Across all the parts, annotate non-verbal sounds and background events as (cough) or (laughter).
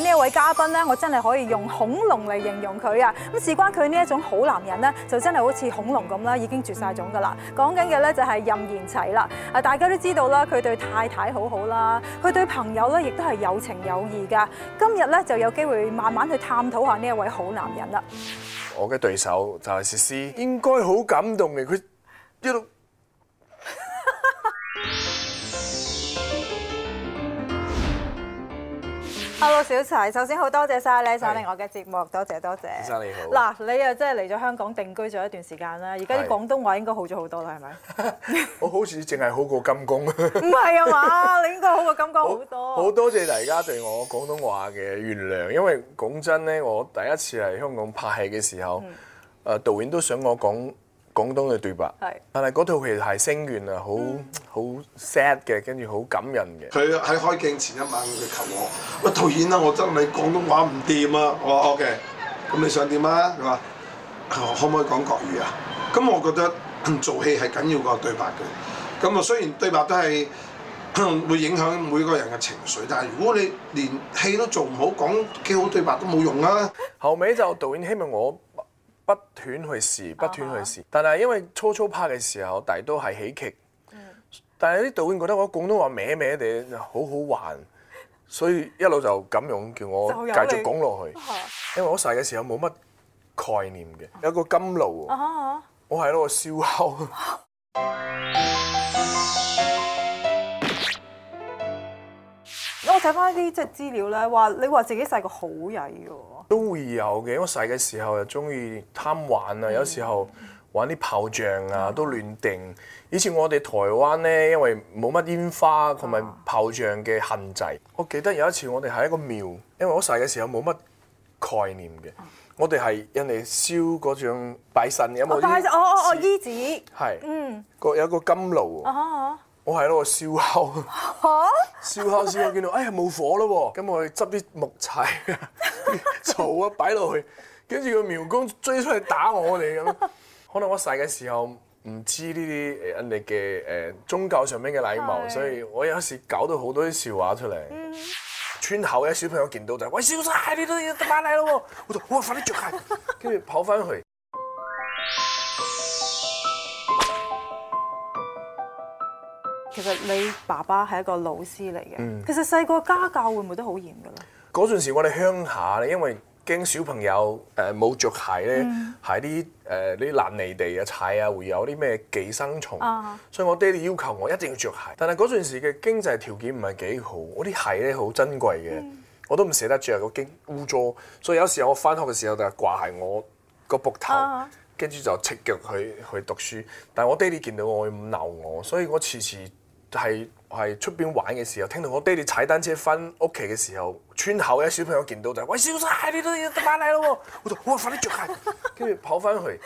呢一位嘉賓咧，我真係可以用恐龍嚟形容佢啊！咁事關佢呢一種好男人咧，就真係好似恐龍咁啦，已經絕晒種噶啦。講緊嘅咧就係任賢齊啦。啊，大家都知道啦，佢對太太好好啦，佢對朋友咧亦都係有情有義噶。今日咧就有機會慢慢去探討下呢一位好男人啦。我嘅對手就係詩詩，應該好感動嘅。佢一 Hello，小齊，首先好多謝晒你，上嚟我嘅節目，多謝是多謝。醫生你好。嗱，你又真係嚟咗香港定居咗一段時間啦，而家啲廣東話應該好咗好多啦，係咪？我好似淨係好過金剛。唔係啊嘛，你應該好過金剛好多。好多謝大家對我廣東話嘅原諒，因為講真咧，我第一次嚟香港拍戲嘅時候，誒、嗯、導演都想我講。廣東嘅對白，但係嗰套戲係聲源啊，好好 sad 嘅，跟住好感人嘅。佢喺開鏡前一晚，佢求我，喂，導演啊，我真係廣東話唔掂啊，我話 OK，咁你想點啊？佢話，可唔可以講國語啊？咁我覺得做戲係緊要過對白嘅。咁啊，雖然對白都係會影響每個人嘅情緒，但係如果你連戲都做唔好，講幾好對白都冇用啊。後尾就導演希望我。不斷去試，不斷去試。Uh huh. 但係因為初初拍嘅時候，大多係喜劇，嗯、但係啲導演覺得我廣東話咩咩地，好好玩，所以一路就咁樣叫我繼續講落去。因為我細嘅時候冇乜概念嘅，有個金爐，uh huh. 我係嗰個燒烤。 (laughs) uh huh. 睇翻啲即係資料咧，話你話自己細個好曳嘅喎，都會有嘅。因為細嘅時候又中意貪玩啊，嗯、有時候玩啲炮仗啊都亂定。嗯、以前我哋台灣咧，因為冇乜煙花同埋炮仗嘅限制，嗯、我記得有一次我哋喺一個廟，因為我細嘅時候冇乜概念嘅，嗯、我哋係人哋燒嗰種拜神嘅，冇拜神哦哦哦，衣子係，是嗯，個有個金爐、嗯我喺度燒烤。嚇、啊！燒烤燒烤見到，哎呀冇火啦喎！咁我去執啲木柴、啲草啊擺落去，跟住個廟公追出嚟打我哋咁。可能我細嘅時候唔知呢啲人哋嘅誒宗教上面嘅禮貌，是的 所以我有時搞到好多啲笑話出嚟。嗯、哼 村口嘅小朋友見到就係：喂，小晒，你都要拜禮啦喎！我話：快啲著鞋，跟住跑返去。其實你爸爸係一個老師嚟嘅，其實細個家教會唔會都好嚴㗎喇？嗰陣時我哋鄉下咧，因為驚小朋友誒冇着鞋咧，喺啲誒啲爛泥地啊踩啊，會有啲咩寄生蟲，所以我爹哋要求我一定要着鞋。但係嗰陣時嘅經濟條件唔係幾好，我啲鞋咧好珍貴嘅，我都唔捨得著，個驚污糟，所以有時候我返學嘅時候就掛喺我個膊頭，跟住就赤腳去去讀書。但係我爹哋見到我會鬧我，所以我次次。就係喺出邊玩嘅時候，聽到我爹哋踩單車翻屋企嘅時候，村口嘅小朋友見到就：喂，小曬，你都要得翻嚟咯！我話：快啲着鞋，跟住跑翻去，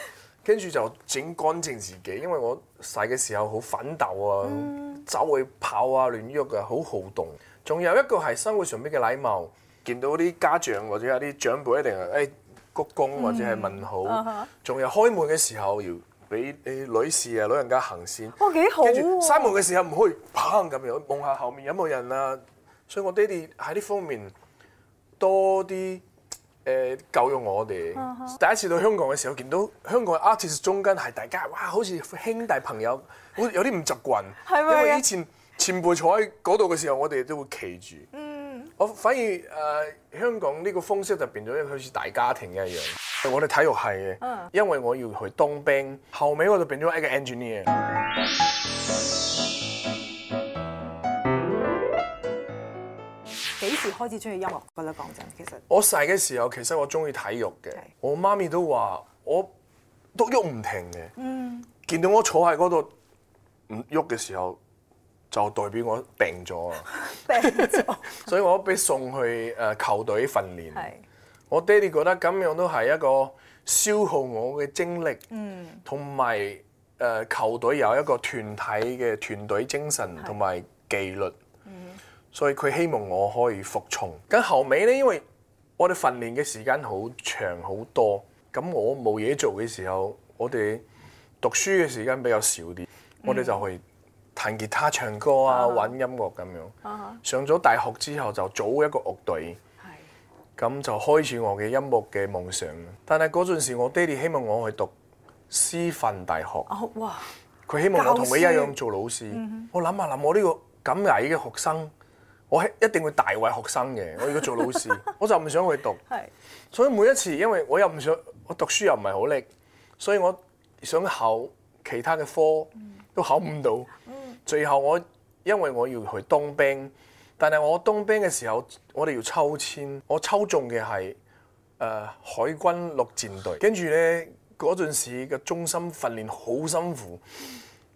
跟住就整乾淨自己。因為我細嘅時候好奮鬥啊，走去跑啊，亂喐啊，好好動。仲有一個係生活上邊嘅禮貌，見到啲家長或者有啲長輩一定係誒鞠躬或者係問好。仲有開門嘅時候要。俾誒女士啊，老人家行先。哇幾、哦、好、啊！跟住三步嘅時候唔可以砰咁樣望下後面有冇人啊！所以我爹哋喺呢方面多啲誒教育我哋。嗯、哼第一次到香港嘅時候，見到香港嘅 artist 中間係大家，哇，好似兄弟朋友，好有啲唔習慣，係咪？因為以前前輩坐喺嗰度嘅時候，我哋都會企住。嗯，我反而誒、呃、香港呢個方式就變咗，好似大家庭一樣。我哋體育系嘅，因為我要去當兵，後尾我就變咗一個 engineer。幾時開始中意音樂？覺得講真，其實我細嘅時候，其實我中意體育嘅是。我媽咪都話我都喐唔停嘅。嗯，見到我坐喺嗰度唔喐嘅時候，就代表我病咗啊！ (laughs) 病咗了， (laughs) 所以我俾送去誒、呃、球隊訓練。我爹哋覺得咁樣都係一個消耗我嘅精力，同埋誒球隊有一個團體嘅團隊精神同埋紀律，嗯、所以佢希望我可以服從。咁後尾呢，因為我哋訓練嘅時間好長好多，咁我冇嘢做嘅時候，我哋讀書嘅時間比較少啲，嗯、我哋就去彈吉他、唱歌啊、啊玩音樂咁樣。啊啊、上咗大學之後就組一個樂隊。咁就開始我嘅音樂嘅夢想。但係嗰陣時，我爹哋希望我去讀師範大學。哦、哇！佢希望師我同佢一樣做老師。嗯、哼我諗下諗，我呢個咁矮嘅學生，我係一定會大位學生嘅。我如果做老師， (laughs) 我就唔想去讀。係是。所以每一次，因為我又唔想，我讀書又唔係好叻，所以我想考其他嘅科都考唔到。嗯嗯、最後我因為我要去當兵。但係我當兵嘅時候，我哋要抽籤，我抽中嘅係誒海軍陸戰隊。跟住呢嗰陣時嘅中心訓練好辛苦，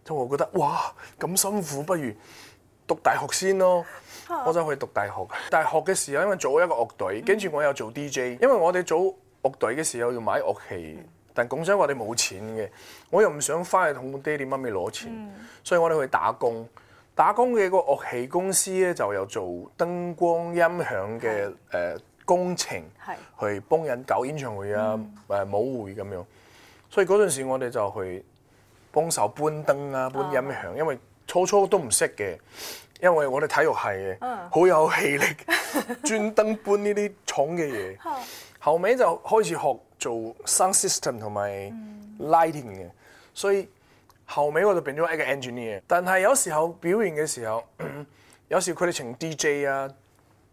就我覺得哇咁辛苦，不如讀大學先咯。我想去讀大學。大學嘅時候，因為做一個樂隊，跟住我又做 DJ。因為我哋組樂隊嘅時候要買樂器，但講真話，我哋冇錢嘅，我又唔想翻去同爹哋媽咪攞錢，所以我哋去打工。打工嘅個樂器公司咧，就有做燈光音響嘅誒工程，是是去幫人搞演唱會啊、誒舞會咁樣。所以嗰陣時我哋就去幫手搬燈啊、搬音響，啊、因為初初都唔識嘅。因為我哋體育系嘅，好、啊、有氣力， (laughs) 專登搬呢啲重嘅嘢。啊、後尾就開始學做 sound system 同埋 lighting 嘅，所以。後尾我就變咗一個 engineer，但係有時候表演嘅時候，有時佢哋請 DJ 啊，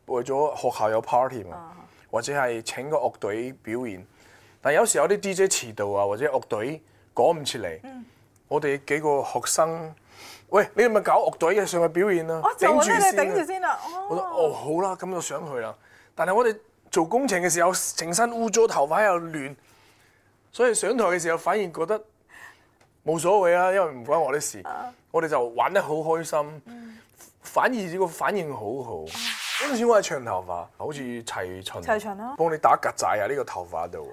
為咗學校有 party 啊，或者係請個樂隊表演。但有時候啲 DJ 遲到啊，或者樂隊趕唔出嚟，嗯、我哋幾個學生，喂，你係咪搞樂隊嘅上去表演啦，我你頂住先。我話：「哦，哦好啦，咁就上去啦。但係我哋做工程嘅時候，成身污糟，頭髮又亂，所以上台嘅時候反而覺得。冇所謂啊，因為唔關我啲事，uh, 我哋就玩得好開心，uh, 反而個反應好好。嗰陣時我係長頭髮，好似齊秦，齊秦咯、啊，幫你打曱甴啊！呢個頭髮度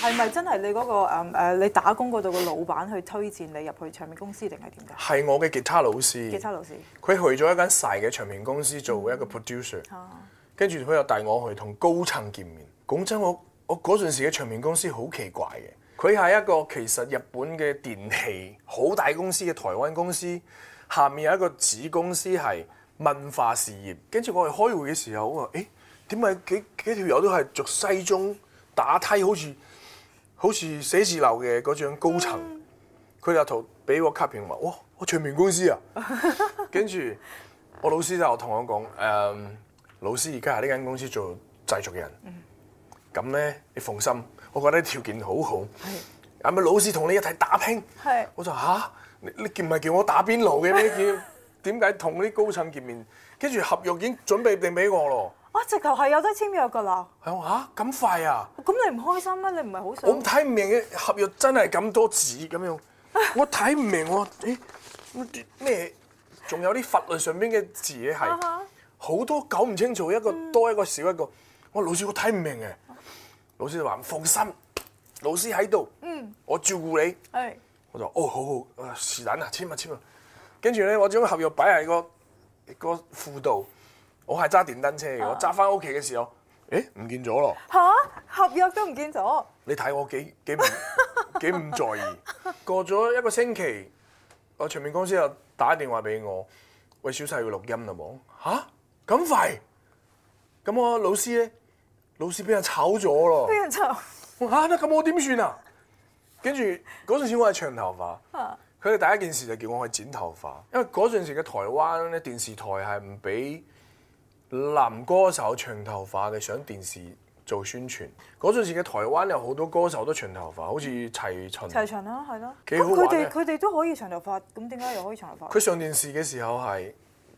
係咪真係你嗰、嗰個誒、um, uh, 你打工嗰度嘅老闆去推薦你入去唱片公司定係點㗎？係我嘅吉他老師，吉他老師，佢去咗一間細嘅唱片公司做一個 producer，跟住佢、uh. 又帶我去同高層見面。講真，我我嗰陣時嘅唱片公司好奇怪嘅，佢係一個其實日本嘅電器好大公司嘅台灣公司，下面有一個子公司係文化事業。跟住我哋開會嘅時候，我話：誒點解幾幾條友都係著西裝打呔，好似好似寫字樓嘅嗰種高層。佢就同俾我卡片話：哇，我唱片公司啊！跟住我老師就同我講：誒、嗯、老師而家喺呢間公司做製作人。咁咧，你放心，我覺得條件好好是，係咪老師同你一齊打拼？係是，我就嚇、啊、你，你叫唔係叫我打邊爐嘅咩？叫點解同啲高層見面，跟住合約已經準備定俾我咯？啊，直頭係有得簽約噶啦。係喎嚇，咁快啊！咁你唔開心咩？你唔係好想？我睇唔明嘅合約真係咁多字咁樣，我睇唔明我喎。誒，咩仲有啲法律上邊嘅字係好多搞唔清楚，一個多一個少一個。我、嗯、老師我睇唔明嘅。老師就話唔放心，老師喺度，嗯、我照顧你，是我就哦好好，那個那個、是但啊，簽啊簽啊。跟住咧，我將合約擺喺個個褲度，我係揸電單車嘅，我揸翻屋企嘅時候，誒唔見咗咯，吓，合約都唔見咗，你睇我幾幾唔幾唔在意， (laughs) 過咗一個星期，我傳媒公司又打電話俾我，喂，小細要錄音啦冇？吓、啊、咁快，咁我老師咧？老師俾人炒咗咯，俾 (laughs) 人炒嚇，咁我點算啊？跟住嗰陣時我係長頭髮，佢哋、啊、第一件事就叫我去剪頭髮，因為嗰陣時嘅台灣咧電視台係唔俾男歌手長頭髮嘅，上電視做宣傳。嗰陣時嘅台灣有好多歌手都長頭髮，好似齊秦，齊秦啦、啊，係咯，幾好，佢哋佢哋都可以長頭髮，咁點解又可以長頭髮？佢上電視嘅時候係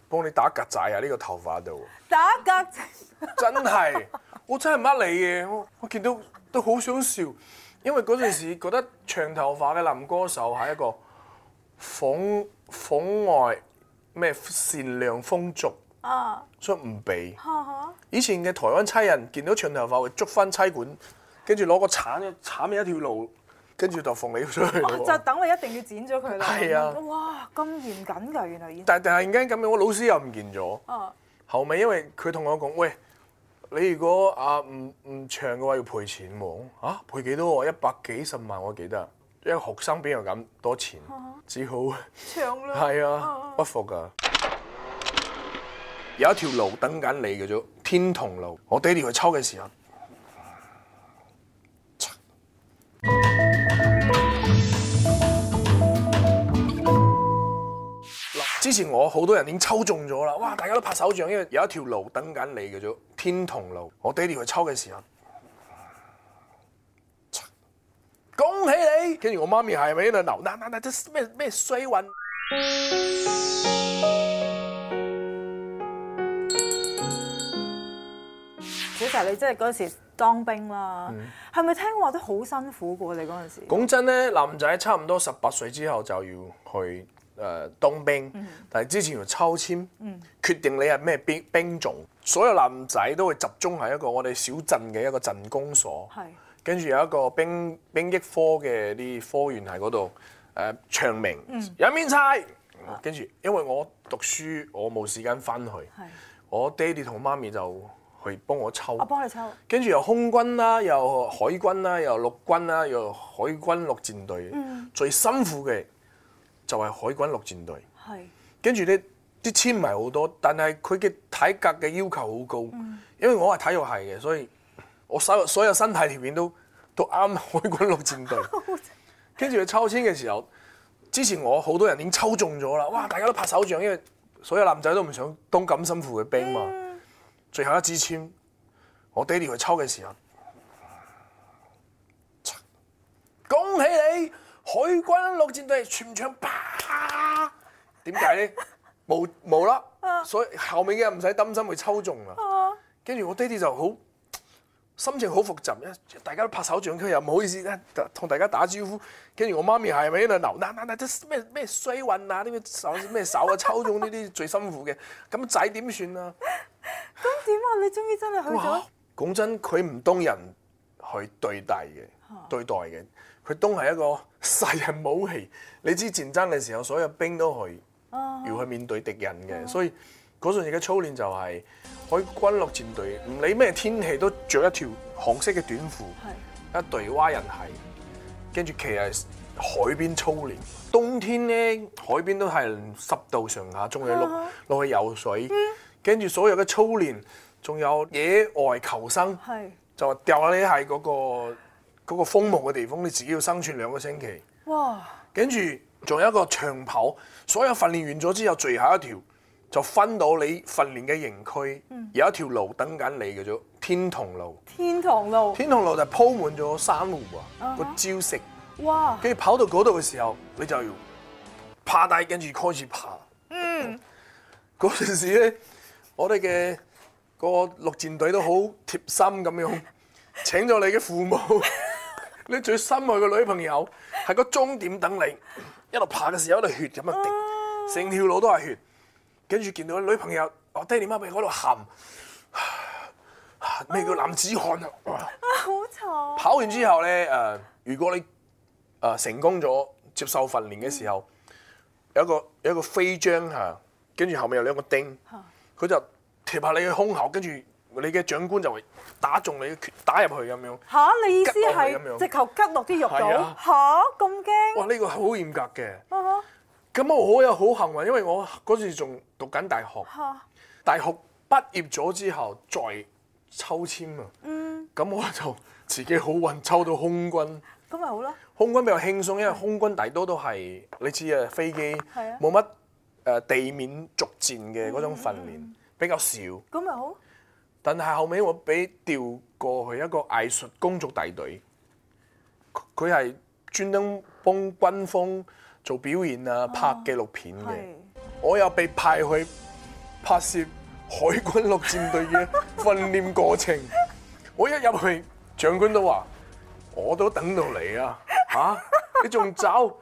幫你打曱甴啊！呢、呢個頭髮度打曱甴真係。 (laughs) (laughs) 我真係唔呃你嘅，我我見到都好想笑，因為嗰陣時麼覺得長頭髮嘅男歌手係一個妨妨外咩善良風俗，啊、所以唔俾。啊啊、以前嘅台灣差人見到長頭髮會捉翻差館，跟住攞個鏟鏟咗一條路，跟住就放你出去、啊。就等你一定要剪咗佢啦。係啊！哇，咁嚴謹㗎，原來，原來。但係突然間咁樣，我老師又唔見咗。啊、後尾因為佢同我講，喂。喂你如果啊唔唔唱嘅話，要賠錢喎。嚇、啊，賠幾多？一百幾十萬，我記得。一個學生邊有咁多錢？啊、只好唱啦。係了啊，不服㗎。啊、有一條路等緊你㗎，叫做天同路。我爹哋去抽嘅時候。之前我好多人已經抽中咗啦，哇！大家都拍手掌，因為有一條路等緊你，叫做天同路。我爹哋去抽嘅時候，恭喜你！跟住我媽咪係咪喺度流？嗱嗱嗱，即咩咩衰運？其實，你真係嗰陣時當兵啦，係咪聽話都好辛苦過你嗰陣時？講真咧，男仔差唔多十八歲之後就要去。誒當兵，但係之前要抽籤決定你係咩兵兵種，所有男仔都會集中喺一個我哋小鎮嘅一個鎮公所，跟住是有一個兵兵役科嘅啲科員喺嗰度誒唱名，嗯、有面差，跟住因為我讀書我冇時間翻去，是我爹哋同媽咪就去幫我抽，我幫佢抽，跟住又空軍啦，又海軍啦，又陸軍啦，又海軍陸戰隊，嗯、最辛苦嘅。就係海軍陸戰隊，係跟住咧啲籤唔係好多，但係佢嘅體格嘅要求好高，嗯、因為我係體育系嘅，所以我所有所有身體條件都都啱海軍陸戰隊。跟住佢抽籤嘅時候，之前我好多人已經抽中咗啦，哇！大家都拍手掌，因為所有男仔都唔想當咁辛苦嘅兵嘛。嗯、最後一支籤我爹哋去抽嘅時候，恭喜你！海軍陸戰隊全場啪，點解咧？冇冇啦，所以後面嘅人唔使擔心會抽中啦。跟住 (laughs) 我爹哋就好心情好複雜，大家都拍手掌，佢又唔好意思咧，同大家打招呼。跟住我媽咪係咪喺度鬧？嗱嗱嗱，啲咩咩衰運啊，啲咩手咩手啊，抽中呢啲最辛苦嘅。咁仔點算啊？咁點啊？你終於真係去咗。講真，佢唔當人去對待嘅，對待嘅。佢都係一個殺人武器。你知戰爭嘅時候，所有兵都去，要去面對敵人嘅。嗯、所以嗰陣嘅操練就係，海軍陸戰隊，唔理咩天氣都着一條紅色嘅短褲，是一對蛙人鞋，跟住其實喺海邊操練。冬天呢，海邊都係十度上下，鍾意碌落去游水。跟住、嗯、所有嘅操練，仲有野外求生，是就掉你喺嗰個。嗰個荒蕪嘅地方，你自己要生存兩個星期。哇！跟住仲有一個長跑，所有訓練完咗之後，最後一條就分到你訓練嘅營區，嗯、有一條路等緊你嘅叫天堂路。天堂路。天堂路就係鋪滿咗珊瑚啊！個礁石。哇！跟住跑到嗰度嘅時候，你就要趴低，跟住開始爬。嗯。嗰陣時咧，我哋嘅個陸戰隊都好貼心咁樣請咗你嘅父母。 (laughs) 你最深愛嘅女朋友係個終點等你，一路爬嘅時候一路血咁啊滴，成條路都係血。跟住見到個女朋友，我爹哋媽咪喺度喊，咩叫男子漢啊？好嘈！跑完之後咧，誒，如果你誒成功咗接受訓練嘅時候，有一個有一個飛章嚇，跟住後面有兩個釘，佢就貼下你嘅胸口，跟住。你嘅長官就會打中你嘅拳，打入去咁樣。嚇！你意思係直頭吉落啲肉到？嚇！咁驚？哇！呢個好嚴格嘅。咁我好有好幸運，因為我嗰時仲讀緊大學。大學畢業咗之後，再抽籤啊。嗯。咁我就自己好運抽到空軍。咁咪好咯。空軍比較輕鬆，因為空軍大多都係你知啊，飛機冇乜誒地面逐戰嘅嗰種訓練比較少。咁咪好？但係後尾我俾調過去一個藝術工作大隊，佢係專登幫軍方做表演啊、拍紀錄片嘅。啊、我又被派去拍攝海軍陸戰隊嘅訓練過程。我一入去，長官都話：我都等到你啊！嚇、啊，你仲走？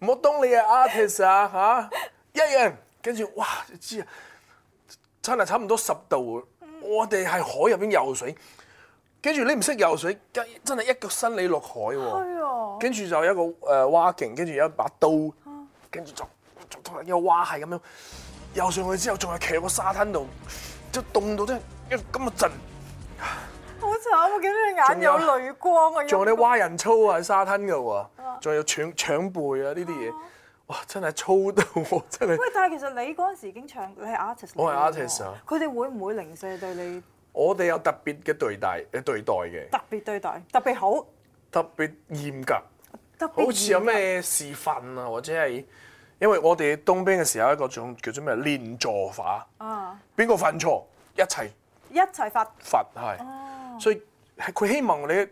唔好當你係 artist 啊嚇、啊！一樣跟住哇，你知啊，真差唔差唔多十度。我哋喺海入邊游水，跟住你唔識游水，真真係一腳伸你落海喎。跟住就一個誒蛙勁，跟住有，有一把刀，跟住就一蛙係咁樣游上去之後，仲係企喺個沙灘度，即係凍到真一咁啊震，好慘啊！我見到佢眼有淚光啊！仲有啲蛙人操啊，喺沙灘㗎喎，仲有搶搶背啊呢啲嘢。哇！真係粗到我真係喂，但係其實你嗰陣時已經唱，你係 artist，我係 artist 啊！佢哋會唔會零舍對你？我哋有特別嘅對待嘅，特別對待，特別好，特別嚴格，特別好似有咩示範啊，或者係因為我哋當兵嘅時候有一個種叫做咩連坐法啊，邊個犯錯一齊一齊罰罰係，所以佢希望你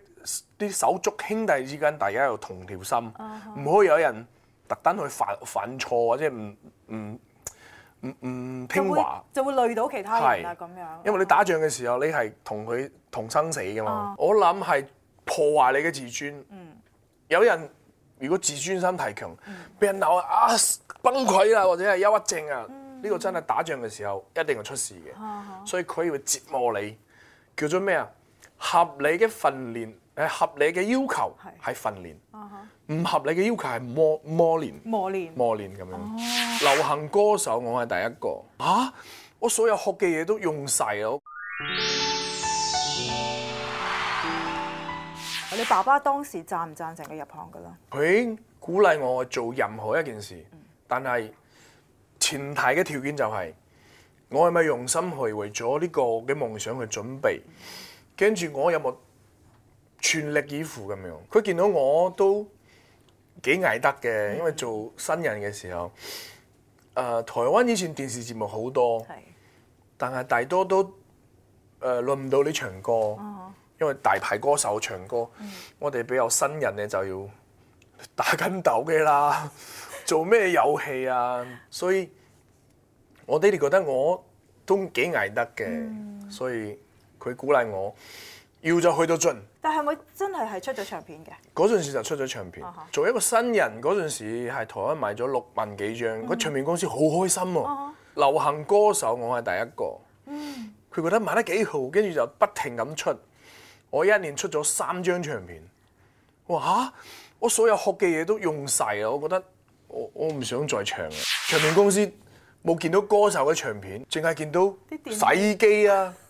啲手足兄弟之間大家有同條心，唔可以有人。特登去犯犯錯或者唔唔唔唔聽話就，就會累到其他人啊！係。咁樣，因為你打仗嘅時候，你係同佢同生死嘅嘛。啊、我諗係破壞你嘅自尊。嗯，有人如果自尊心太強，嗯、被人鬧啊，崩潰啦，或者係憂鬱症、嗯、啊，呢個真係打仗嘅時候一定係出事嘅。所以佢會折磨你，叫做咩啊？合理嘅訓練。係合理嘅要求係訓練，唔、uh huh. 合理嘅要求係磨磨練，磨練磨練咁樣。Oh. 流行歌手我係第一個。吓、啊？我所有學嘅嘢都用晒咯。你爸爸當時贊唔贊成你入行㗎喇？佢已經鼓勵我做任何一件事，嗯、但係前提嘅條件就係、是、我係咪用心去為咗呢個嘅夢想去準備？跟住、嗯、我有冇？全力以赴咁樣，佢見到我都幾捱得嘅，因為做新人嘅時候，誒、呃、台灣以前電視節目好多，是但係大多都誒輪唔到你唱歌，因為大牌歌手唱歌，嗯、我哋比較新人咧就要打筋鬥嘅啦，做咩遊戲啊？所以我爹哋覺得我都幾捱得嘅，嗯、所以佢鼓勵我。要就去到盡，但係咪真係係出咗唱片嘅？嗰陣時就出咗唱片，uh huh. 做一個新人嗰陣時係台灣賣咗六萬幾張，個唱片公司好開心喎、啊，uh huh. 流行歌手我係第一個，佢、uh huh. 覺得賣得幾好，跟住就不停咁出，我一年出咗三張唱片，我嚇、啊、我所有學嘅嘢都用晒喇，我覺得我我唔想再唱啦，唱片公司冇見到歌手嘅唱片，淨係見到洗機啊。話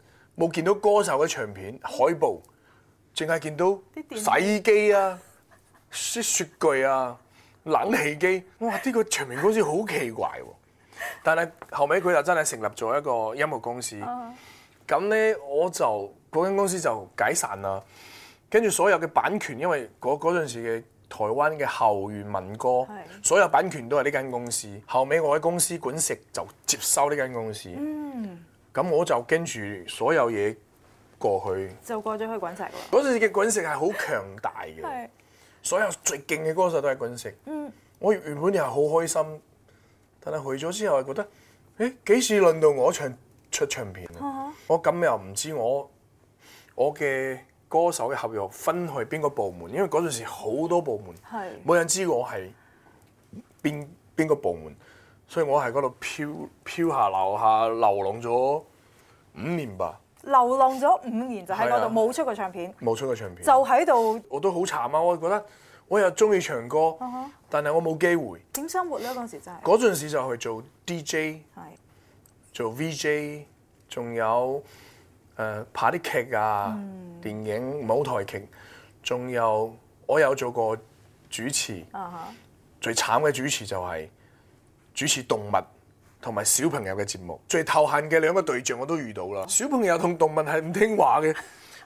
冇見到歌手嘅唱片海報，淨係見到洗衣機啊、啲 (laughs) 雪具啊、冷氣機， (laughs) 哇！呢、呢個唱片公司好奇怪喎。但係後尾佢就真係成立咗一個音樂公司，咁呢，我就嗰間公司就解散啦。跟住所有嘅版權，因為嗰嗰陣時嘅台灣嘅後援民歌，是的 所有版權都係呢間公司。後尾我喺公司管食就接收呢間公司。嗯。咁我就跟住所有嘢過去，就過咗去滾石啦。嗰陣時嘅滾石係好強大嘅， (laughs) 是所有最勁嘅歌手都喺滾石。嗯、我原本又係好開心，但係去咗之後覺得，誒幾時輪到我唱出唱片啊？ (laughs) 我咁又唔知我我嘅歌手嘅合約分去邊個部門，因為嗰陣時好多部門，冇是人知我係邊邊個部門。所以我喺嗰度漂漂下流下流浪咗五年吧。流浪咗五年就喺嗰度冇出過唱片。冇出過唱片。就喺度。我都好慘啊！我覺得我又中意唱歌，uh huh. 但係我冇機會。點生活咧？嗰時真係。嗰陣時就去做 DJ，的做 VJ，仲有誒、呃、拍啲劇啊，電影、舞台劇，仲有我有做過主持。Uh huh. 最慘嘅主持就係、是。主持動物同埋小朋友嘅節目，最頭痕嘅兩個對象我都遇到啦。小朋友同動物係唔聽話嘅，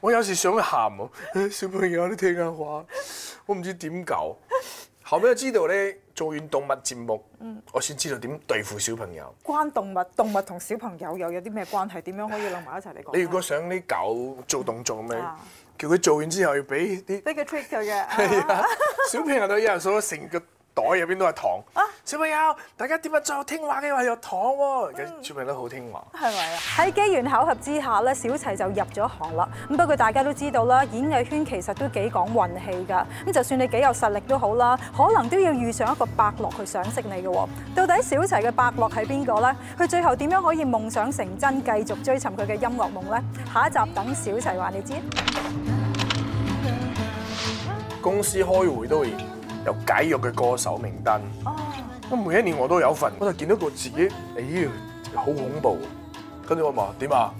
我有時想去喊喎，小朋友你聽下話，我唔知點搞。後尾我知道咧，做完動物節目，我先知道點對付小朋友。關動物、動物同小朋友又有啲咩關係？點樣可以諗埋一齊嚟講？你如果想啲狗做動作咁樣，叫佢做完之後要俾啲俾個 trigger 嘅、啊。小朋友都有人做成個。袋入邊都係糖啊！小朋友，大家點啊？最聽話嘅話又有糖喎，咁、嗯、全部都好聽話，係咪啊？喺機緣巧合之下咧，小齊就入咗行啦。咁不過大家都知道啦，演藝圈其實都幾講運氣噶。咁就算你幾有實力都好啦，可能都要遇上一個伯樂去賞識你嘅。到底小齊嘅伯樂係邊個咧？佢最後點樣可以夢想成真，繼續追尋佢嘅音樂夢咧？下一集等小齊話你知。公司開會都會。有解約嘅歌手名單，咁每一年我都有份，我就見到個自己，哎呀，好恐怖，跟住我話點啊？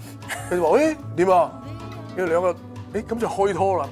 跟住話誒點啊？佢哋兩個，誒咁就開拖啦。